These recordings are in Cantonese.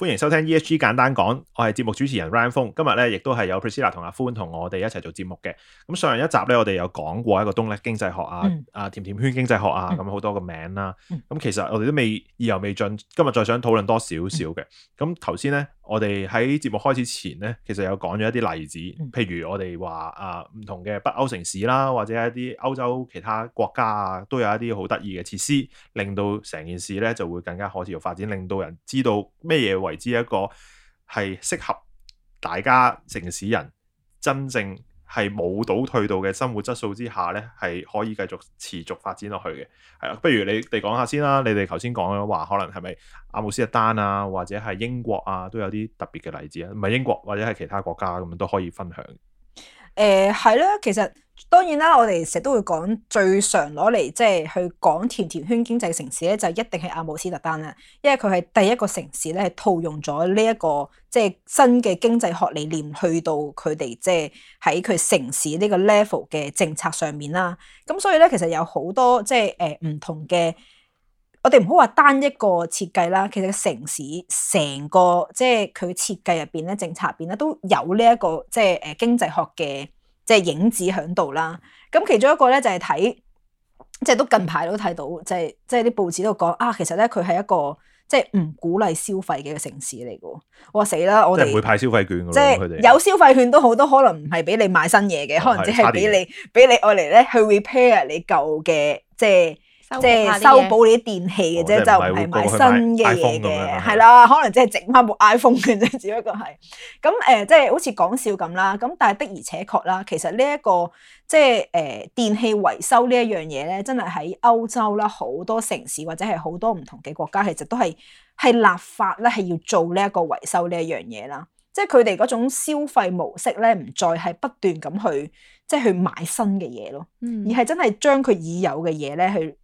歡迎收聽 ESG 簡單講，我係節目主持人 Ryan 風，今日咧亦都係有 Priscilla 同阿歡同我哋一齊做節目嘅。咁上一集咧，我哋有講過一個冬甩經濟學啊、嗯、啊甜甜圈經濟學啊咁好、嗯、多個名啦、啊。咁、嗯嗯、其實我哋都未，意猶未盡，今日再想討論多少少嘅。咁頭先咧我哋喺節目開始前呢，其實有講咗一啲例子，譬如我哋話啊，唔同嘅北歐城市啦，或者一啲歐洲其他國家啊，都有一啲好得意嘅設施，令到成件事呢就會更加可持續發展，令到人知道咩嘢為之一個係適合大家城市人真正。係冇倒退到嘅生活質素之下咧，係可以繼續持續發展落去嘅。係啦，不如你哋講下先啦。你哋頭先講嘅話，可能係咪阿姆斯特丹啊，或者係英國啊，都有啲特別嘅例子啊？唔係英國或者係其他國家咁樣都可以分享。誒、呃，係啦，其實。當然啦，我哋成日都會講最常攞嚟即係去講甜甜圈經濟城市咧，就一定係阿姆斯特丹啦，因為佢係第一個城市咧，係套用咗呢一個即係新嘅經濟學理念去到佢哋即係喺佢城市呢個 level 嘅政策上面啦。咁所以咧，其實有好多即係誒唔同嘅，我哋唔好話單一個設計啦。其實個城市成個即係佢設計入邊咧，政策入邊咧都有呢一個即係誒經濟學嘅。即係影子喺度啦，咁其中一個咧就係睇，即係都近排都睇到，即係即係啲報紙都講啊，其實咧佢係一個即係唔鼓勵消費嘅一個城市嚟噶，哇死啦！我哋唔會派消費券，即係有消費券都好，都可能唔係俾你買新嘢嘅，哦、可能只係俾你俾你愛嚟咧去 repair 你舊嘅，即係。即係修補你啲電器嘅啫， 就唔係買新嘅嘢嘅，係啦， 可能即係整翻部 iPhone 嘅啫，只不過係咁誒，即係好似講笑咁啦。咁但係的而且確啦，其實呢、這個呃、一個即係誒電器維修呢一樣嘢咧，真係喺歐洲啦，好多城市或者係好多唔同嘅國家，其實都係係立法咧，係要做呢一個維修呢一樣嘢啦。即係佢哋嗰種消費模式咧，唔再係不斷咁去即係去買新嘅嘢咯，嗯、而係真係將佢已有嘅嘢咧去。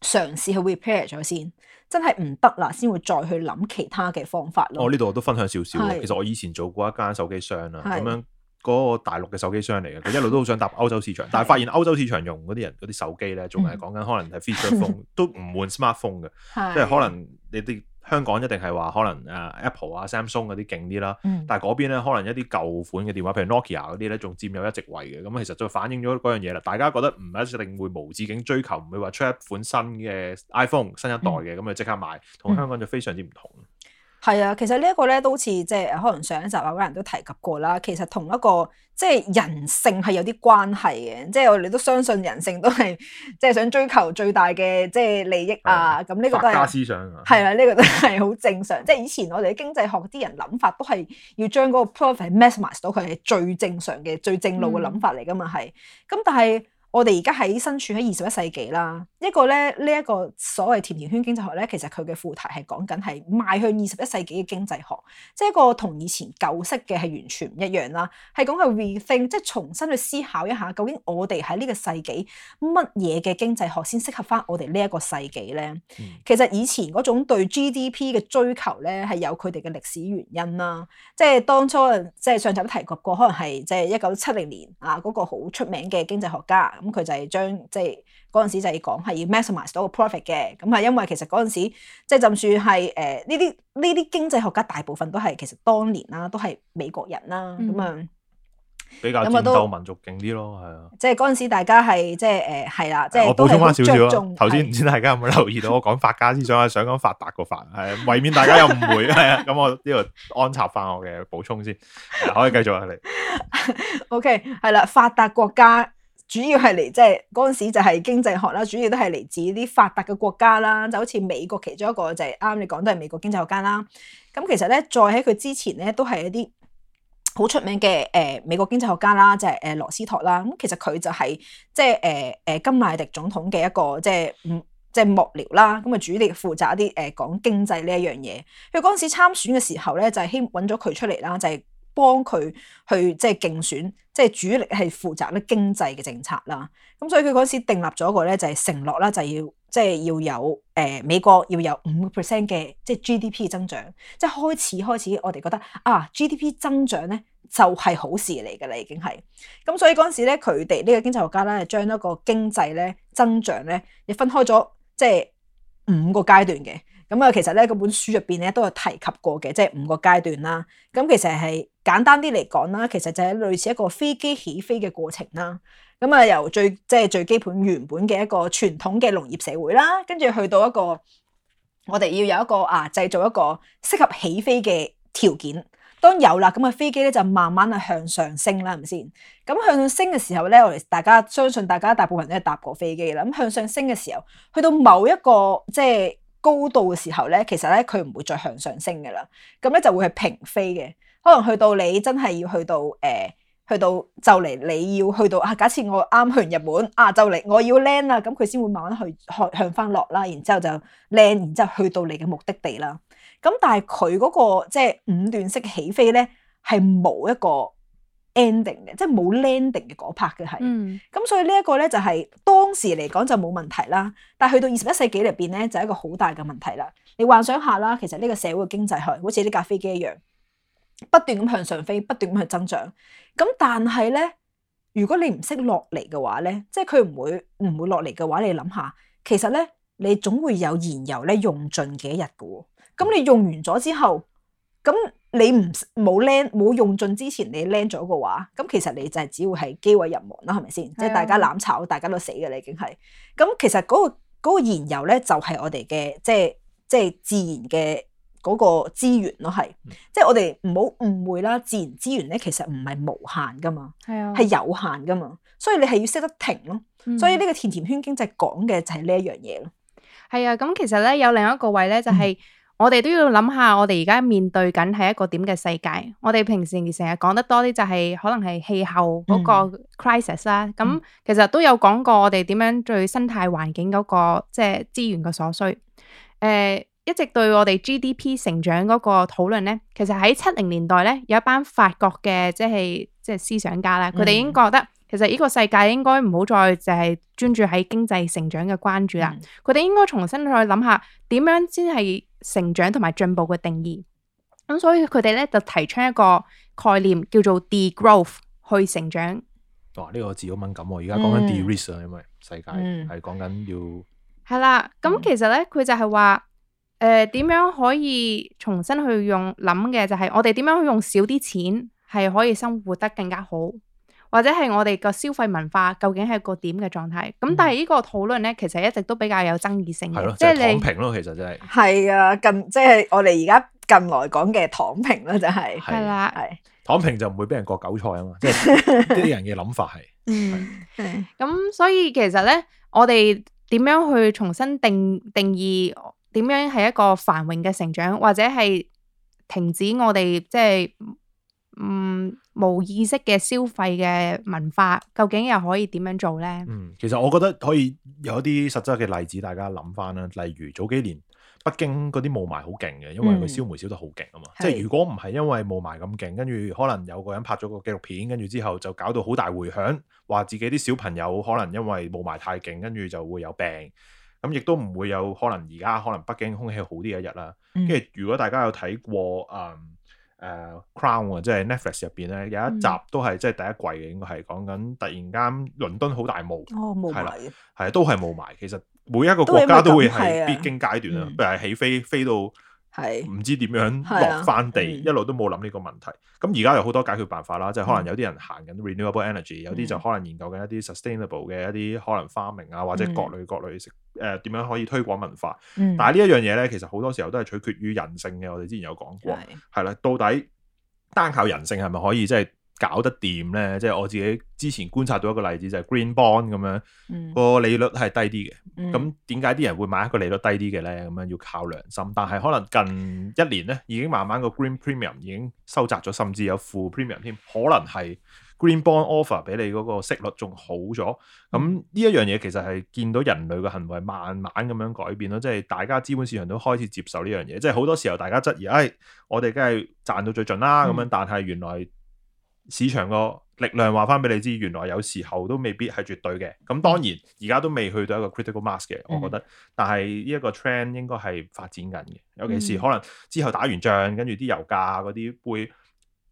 嘗試去 repair 咗先，真係唔得啦，先會再去諗其他嘅方法咯。哦、我呢度我都分享少少，是其實我以前做過一間手機商啦，咁是樣嗰個大陸嘅手機商嚟嘅，佢一路都好想搭歐洲市場，是但係發現歐洲市場用嗰啲人嗰啲手機咧，仲係講緊可能係 feature phone， 都唔換 smartphone 嘅，即係是可能你啲。香港一定係話可能誒 Apple 啊 Samsung 嗰啲勁啲啦，嗯、但係嗰邊咧可能一啲舊款嘅電話，譬如 Nokia、ok、嗰啲咧，仲佔有一席位嘅。咁其實就反映咗嗰樣嘢啦。大家覺得唔係一定會無止境追求，唔會話出一款新嘅 iPhone 新一代嘅咁、嗯、就即刻買，同香港就非常之唔同。嗯係啊，其實呢一個咧都好似即係可能上一集有偉人都提及過啦。其實同一個即係人性係有啲關係嘅，即係我哋都相信人性都係即係想追求最大嘅即係利益啊。咁呢、啊、個都係思想，係啊，呢、啊，這個都係好正常。 即係以前我哋啲經濟學啲人諗法都係要將嗰個 profit maximise 到，佢係最正常嘅，最正路嘅諗法嚟噶嘛？係咁，嗯，但係。我哋而家喺身處喺二十一世紀啦，一個咧呢一個所謂甜甜圈經濟學咧，其實佢嘅副題係講緊係邁向二十一世紀嘅經濟學，即係一個同以前舊式嘅係完全唔一樣啦，係講係 rethink 即係重新去思考一下究竟我哋喺呢個世紀乜嘢嘅經濟學先適合翻我哋呢一個世紀咧。嗯、其實以前嗰種對 GDP 嘅追求咧，係有佢哋嘅歷史原因啦，即係當初即係上集都提及過，可能係即係一九七零年啊嗰個好出名嘅經濟學家。咁佢就係將即係嗰陣時就係講係要 maximize 到個 profit 嘅，咁係因為其實嗰陣時即係就算係誒呢啲呢啲經濟學家大部分都係其實當年啦，都係美國人啦，咁啊、嗯、比較戰鬥民族勁啲咯，係啊。即係嗰陣時大家係即係誒係啦，即係、嗯啊、是我補補充翻少少。頭先唔知大家有冇留意到我講法家思想， 想、想啊，想講發達個法，係為免大家又誤會，係 啊。咁我呢度安插翻我嘅補充先，可以繼續 okay，啊，你。O K 係啦，發達國家。主要係嚟即係嗰陣時就係經濟學啦，主要都係嚟自啲發達嘅國家啦，就好似美國其中一個就係啱啱你講都係美國經濟學家啦。咁其實咧，再喺佢之前咧，都係一啲好出名嘅誒、呃、美國經濟學家啦，就係、是、誒、呃、羅斯托啦。咁其實佢就係即係誒誒甘迺迪總統嘅一個即係唔即係幕僚啦。咁啊主力負責一啲誒、呃、講經濟呢一樣嘢。佢嗰陣時參選嘅時候咧，就係希望揾咗佢出嚟啦，就係、是。幫佢去即係競選，即係主力係負責咧經濟嘅政策啦。咁所以佢嗰時定立咗一個咧就係承諾啦，就要即係要有誒美國要有五個 percent 嘅即係 GDP 增長，即係開始開始我哋覺得啊 GDP 增長咧就係好事嚟噶啦，已經係咁，所以嗰陣時咧佢哋呢個經濟學家咧係將一個經濟咧增長咧亦分開咗即係五個階段嘅。咁啊，其實咧嗰本書入邊咧都有提及過嘅，即係五個階段啦。咁其實係簡單啲嚟講啦，其實就係類似一個飛機起飛嘅過程啦。咁啊，由最即係最基本原本嘅一個傳統嘅農業社會啦，跟住去到一個我哋要有一個啊製造一個適合起飛嘅條件。當有啦，咁啊飛機咧就慢慢啊向上升啦，係咪先？咁向上升嘅時候咧，我哋大家相信大家大部分人都係搭過飛機啦。咁向上升嘅時候，去到某一個即係、高度嘅時候咧，其實咧佢唔會再向上升嘅啦，咁咧就會係平飛嘅。可能去到你真係要去到誒、呃，去到就嚟你要去到啊，假設我啱去完日本啊，就嚟我要 land 啦，咁佢先會慢慢去向向翻落啦，然之後就 land，然之後去到你嘅目的地啦。咁但係佢嗰個即係、就是、五段式起飛咧，係冇一個 ending 嘅，即係冇 landing 嘅嗰 part 嘅係，嗯，咁所以呢一個咧就係當時嚟講就冇問題啦，但係去到二十一世紀入邊咧就係一個好大嘅問題啦。你幻想下啦，其實呢個社會嘅經濟係好似呢架飛機一樣，不斷咁向上飛，不斷咁去增長。咁但係咧，如果你唔識落嚟嘅話咧，即係佢唔會唔會落嚟嘅話，你諗下，其實咧你總會有燃油咧用盡幾日嘅，咁你用完咗之後，咁。你唔冇 len 冇用盡之前你 len 咗嘅話，咁其實你就係只會係機毀人亡啦，係咪先？啊、即係大家攬炒，大家都死嘅啦，已經係。咁其實嗰、嗰個嗰、嗰個緣由咧，就係我哋嘅即係即係自然嘅嗰個資源咯，係、嗯、即係我哋唔好誤會啦。自然資源咧，其實唔係無限噶嘛，係啊，係有限噶嘛。所以你係要識得停咯。所以呢個甜甜圈經濟講嘅就係呢一樣嘢咯。係、嗯、啊，咁其實咧有另一個位咧就係、嗯。我哋都要諗下，我哋而家面對緊係一個點嘅世界。我哋平時成日講得多啲就係可能係氣候嗰個 crisis 啦。咁、嗯、其實都有講過我哋點樣對生態環境嗰、嗰個即係資源嘅所需。誒、呃，一直對我哋 GDP 成長嗰個討論呢，其實喺七零年代呢，有一班法國嘅即係即係思想家啦，佢哋、嗯、已經覺得。其實呢個世界應該唔好再就係專注喺經濟成長嘅關注啦，佢哋、嗯、應該重新去諗下點樣先係成長同埋進步嘅定義。咁所以佢哋咧就提出一個概念叫做 de-growth 去成長。哇、哦！呢、這個字好敏感，我而家講緊 de-risk 啊、嗯，因為世界係講緊要係啦。咁、嗯、其實咧，佢就係話誒，點、呃、樣可以重新去用諗嘅就係、是、我哋點樣去用少啲錢係可以生活得更加好。或者係我哋個消費文化究竟係個點嘅狀態？咁但係呢個討論咧，其實一直都比較有爭議性。係咯，即係躺平咯，其實真係。係啊，近即係我哋而家近來講嘅躺平啦，就係係啦，係躺平就唔會俾人割韭菜啊嘛！即係呢啲人嘅諗法係。嗯。咁所以其實咧，我哋點樣去重新定定義？點樣係一個繁榮嘅成長，或者係停止我哋即係？嗯，無意識嘅消費嘅文化，究竟又可以點樣做呢？嗯，其實我覺得可以有一啲實質嘅例子，大家諗翻啦。例如早幾年北京嗰啲霧霾好勁嘅，因為佢燒煤燒得好勁啊嘛。嗯、即係如果唔係因為霧霾咁勁，跟住可能有個人拍咗個紀錄片，跟住之後就搞到好大迴響，話自己啲小朋友可能因為霧霾太勁，跟住就會有病。咁亦都唔會有可能而家可能北京空氣好啲一日啦。跟住、嗯、如果大家有睇過誒？嗯誒、uh, Crown 啊，即係 Netflix 入邊咧，有一集都係即係第一季嘅，應該係講緊突然間倫敦好大霧，係啦，哦，係都係霧霾。其實每一個國家都，是是都會係必經階段，譬如係起飛飛到。唔是知點樣落翻地，啊、一路都冇諗呢個問題。咁而家有好多解決辦法啦，嗯、即係可能有啲人行緊 renewable energy，、嗯、有啲就可能研究緊一啲 sustainable 嘅一啲可能發明啊，或者各類各類食誒點、呃、樣可以推廣文化。嗯、但係呢一樣嘢咧，其實好多時候都係取決於人性嘅。我哋之前有講過，係啦是，到底單靠人性係咪可以即係？就是搞得掂咧，即係我自己之前觀察到一個例子，就係 green bond 咁樣個、嗯、利率係低啲嘅。咁點解啲人會買一個利率低啲嘅咧？咁樣要靠良心。但係可能近一年咧，已經慢慢個 green premium 已經收窄咗，甚至有負 premium 添。可能係 green bond offer 俾你嗰個息率仲好咗。咁呢一樣嘢其實係見到人類嘅行為慢慢咁樣改變咯，即係大家資本市場都開始接受呢樣嘢。即係好多時候大家質疑，唉、哎，我哋梗係賺到最盡啦咁樣，嗯、但係原來。市場個力量話翻俾你知，原來有時候都未必係絕對嘅。咁當然而家都未去到一個 critical mass 嘅，我覺得。嗯、但係呢一個 trend 應該係發展緊嘅。尤其是可能之後打完仗，跟住啲油價嗰啲會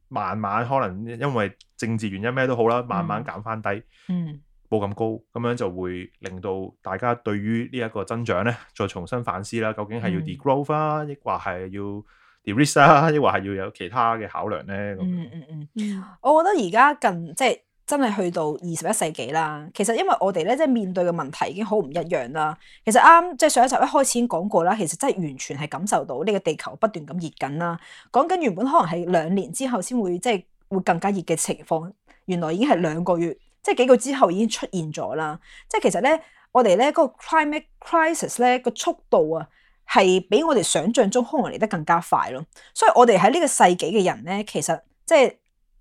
慢慢可能因為政治原因咩都好啦，慢慢減翻低。嗯。冇咁、嗯、高，咁樣就會令到大家對於呢一個增長呢，再重新反思啦。究竟係要 de-growth 啊，抑或係要？條 list 啊，亦或係要有其他嘅考量咧、嗯。嗯嗯嗯嗯，我覺得而家近即係真係去到二十一世紀啦。其實因為我哋咧，即係面對嘅問題已經好唔一樣啦。其實啱即係上一集一開始已經講過啦。其實真係完全係感受到呢個地球不斷咁熱緊啦。講緊原本可能係兩年之後先會即係會更加熱嘅情況，原來已經係兩個月，即係幾個之後已經出現咗啦。即係其實咧，我哋咧嗰個 climate crisis 咧，個速度啊！係比我哋想象中可能嚟得更加快咯，所以我哋喺呢個世紀嘅人咧，其實即係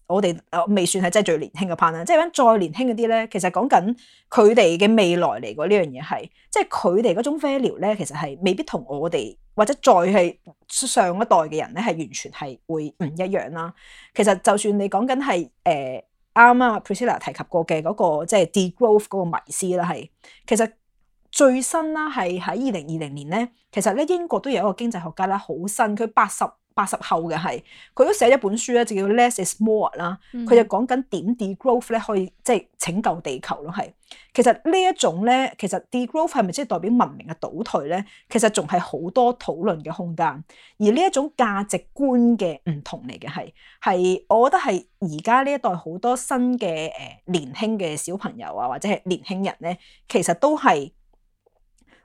我哋誒未算係真係最年輕嘅 partner 即係再年輕嗰啲咧，其實講緊佢哋嘅未來嚟講呢樣嘢係，即係佢哋嗰種 failure 咧，其實係未必同我哋或者再係上一代嘅人咧係完全係會唔一樣啦。其實就算你講緊係誒啱、呃、啊，Priscilla 提及過嘅嗰、嗰個即係 degrowth 嗰個迷思啦，係其實。最新啦，係喺二零二零年咧，其實咧英國都有一個經濟學家啦，好新，佢八十八十後嘅係，佢都寫一本書咧，就叫 Less is More 啦、嗯，佢就講緊點 degrowth 咧可以即係、就是、拯救地球咯，係。其實呢一種咧，其實 degrowth 係咪即係代表文明嘅倒退咧？其實仲係好多討論嘅空間，而呢一種價值觀嘅唔同嚟嘅係，係我覺得係而家呢一代好多新嘅誒、呃、年輕嘅小朋友啊，或者係年輕人咧，其實都係。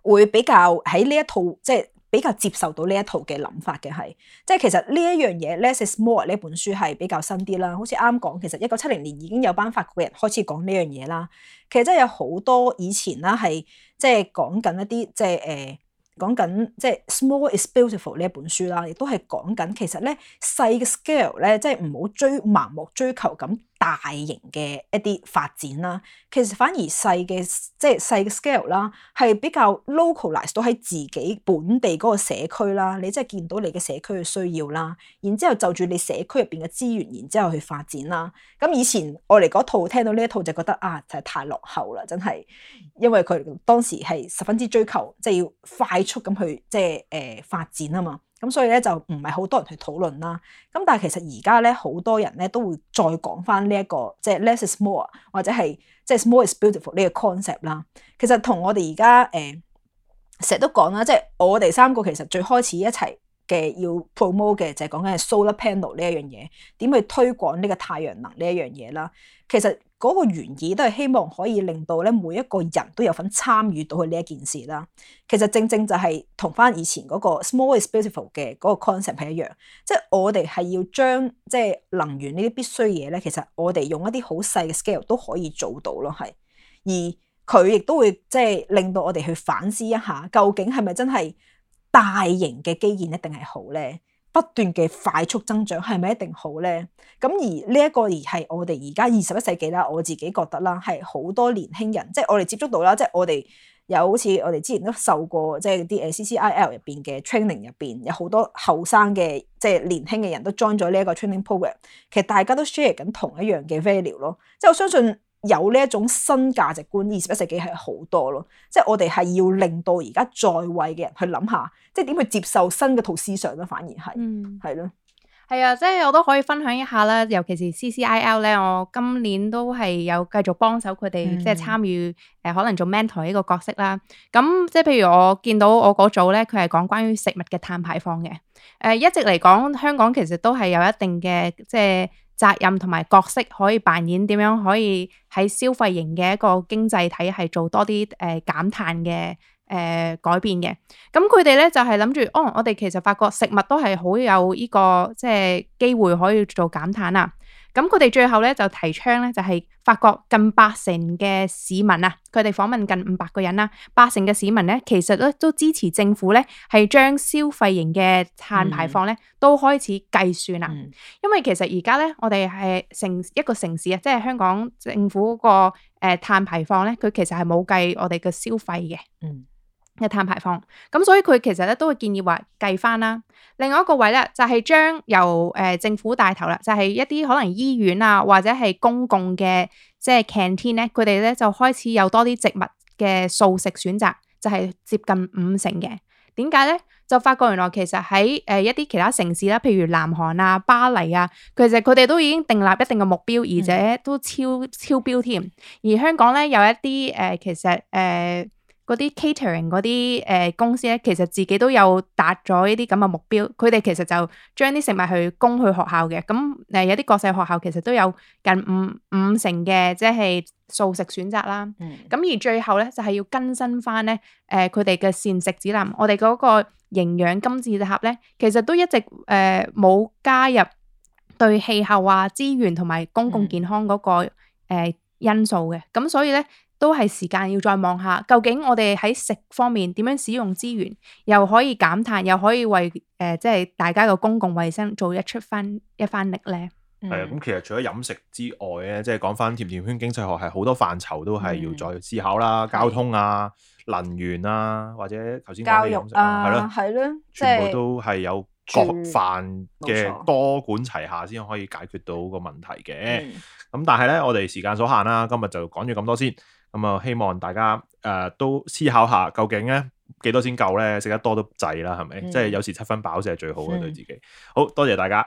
會比較喺呢一套即係比較接受到呢一套嘅諗法嘅係，即係其實呢一樣嘢 Less is more 呢本書係比較新啲啦。好似啱講，其實一九七零年已經有班法國嘅人開始講呢樣嘢啦。其實真係有好多以前啦係即係講緊一啲即係誒講緊即係 Small is Beautiful 呢一本書啦，亦都係講緊其實咧細嘅 scale 咧即係唔好追盲目追求咁。大型嘅一啲發展啦，其實反而細嘅即係細嘅 scale 啦，係比較 localize 到喺自己本地嗰個社區啦，你即係見到你嘅社區嘅需要啦，然之後就住你社區入邊嘅資源，然之後去發展啦。咁以前我嚟嗰套聽到呢一套就覺得啊，就係太落後啦，真係，因為佢當時係十分之追求，即係要快速咁去即係誒發展吖嘛。咁所以咧就唔係好多人去討論啦。咁但係其實而家咧好多人咧都會再講返呢一個即係、就是、less is more 或者係即係 small is beautiful 呢個 concept 啦。其實同我哋而家誒成日都講啦，即、就、係、是、我哋三個其實最開始一齊嘅要 promote 嘅就係講緊係 solar panel 呢一樣嘢，點去推廣呢個太陽能呢一樣嘢啦。其實。嗰個原意都係希望可以令到咧，每一個人都有份參與到去呢一件事啦。其實正正就係同返以前嗰個 small is beautiful 嘅嗰個 concept 係一樣，即係我哋係要將即係能源呢啲必須嘢咧，其實我哋用一啲好細嘅 scale 都可以做到咯，係。而佢亦都會即係令到我哋去反思一下，究竟係咪真係大型嘅基建一定係好咧？不斷嘅快速增長係咪一定好咧？咁而呢一個而係我哋而家二十一世紀啦，我自己覺得啦，係好多年輕人，即係我哋接觸到啦，即係我哋有好似我哋之前都受過，即係啲誒 CCIL 入邊嘅 training 入邊有好多後生嘅，即係年輕嘅人都 join 咗呢一個 training program，其實大家都 share 緊同一樣嘅 value 咯，即係我相信。有呢一種新價值觀，二十一世紀係好多咯，即係我哋係要令到而家在，在位嘅人去諗下，即係點去接受新嘅一套思想咯，反而係，係咯、嗯，係啊的，即係我都可以分享一下啦，尤其是 C C I L 咧，我今年都係有繼續幫手佢哋，嗯、即係參與誒可能做 mentor 呢個角色啦。咁即係譬如我見到我嗰組咧，佢係講關於食物嘅碳排放嘅，誒、呃、一直嚟講香港其實都係有一定嘅即係。責任同埋角色可以扮演點樣？可以喺消費型嘅一個經濟體系做多啲誒、呃、減碳嘅誒、呃、改變嘅。咁佢哋咧就係諗住，哦，我哋其實發覺食物都係好有呢、這個即係、就是、機會可以做減碳啊。咁佢哋最後咧就提倡咧，就係法國近八成嘅市民啊，佢哋訪問近五百個人啦，八成嘅市民咧，其實咧都支持政府咧，係將消費型嘅碳排放咧都開始計算啦。嗯、因為其實而家咧，我哋係城一個城市啊，即係香港政府嗰個誒碳排放咧，佢其實係冇計我哋嘅消費嘅。嗯。嘅碳排放，咁所以佢其實咧都會建議話計返啦。另外一個位咧就係、是、將由誒、呃、政府帶頭啦，就係、是、一啲可能醫院啊，或者係公共嘅即係 canteen 咧，佢哋咧就開始有多啲植物嘅素食選擇，就係、是、接近五成嘅。點解咧？就發覺原來其實喺誒、呃、一啲其他城市啦，譬如南韓啊、巴黎啊，其實佢哋都已經定立一定嘅目標，而且都超、嗯、超標添。而香港咧有一啲誒、呃，其實誒。呃呃呃嗰啲 catering 嗰啲誒公司咧，其實自己都有達咗呢啲咁嘅目標。佢哋其實就將啲食物去供去學校嘅。咁誒有啲國際學校其實都有近五五成嘅即係素食選擇啦。咁而最後咧就係要更新翻咧，誒、佢哋嘅膳食指南。我哋嗰個營養金字塔咧，其實都一直誒冇加入對氣候啊、資源同埋公共健康嗰個誒因素嘅。咁所以咧。都係時間要再望下，究竟我哋喺食方面點樣使用資源，又可以減碳，又可以為誒、呃、即係大家嘅公共衞生做一出翻一番力呢？係啊，咁其實除咗飲食之外咧，即係講返甜甜圈經濟學係好多範疇都係要再思考啦，嗯、交通啊、能源啊，或者頭先、啊、教育啊，係咯係全部都係有各範嘅多管齊下先可以解決到個問題嘅。咁、嗯嗯、但係咧，我哋時間所限啦，今日就講咗咁多先。咁啊，希望大家誒、呃、都思考下，究竟咧幾多先夠咧？食得多都滯啦，係咪？嗯、即係有時七分飽就係最好嘅是對自己。好，多謝大家。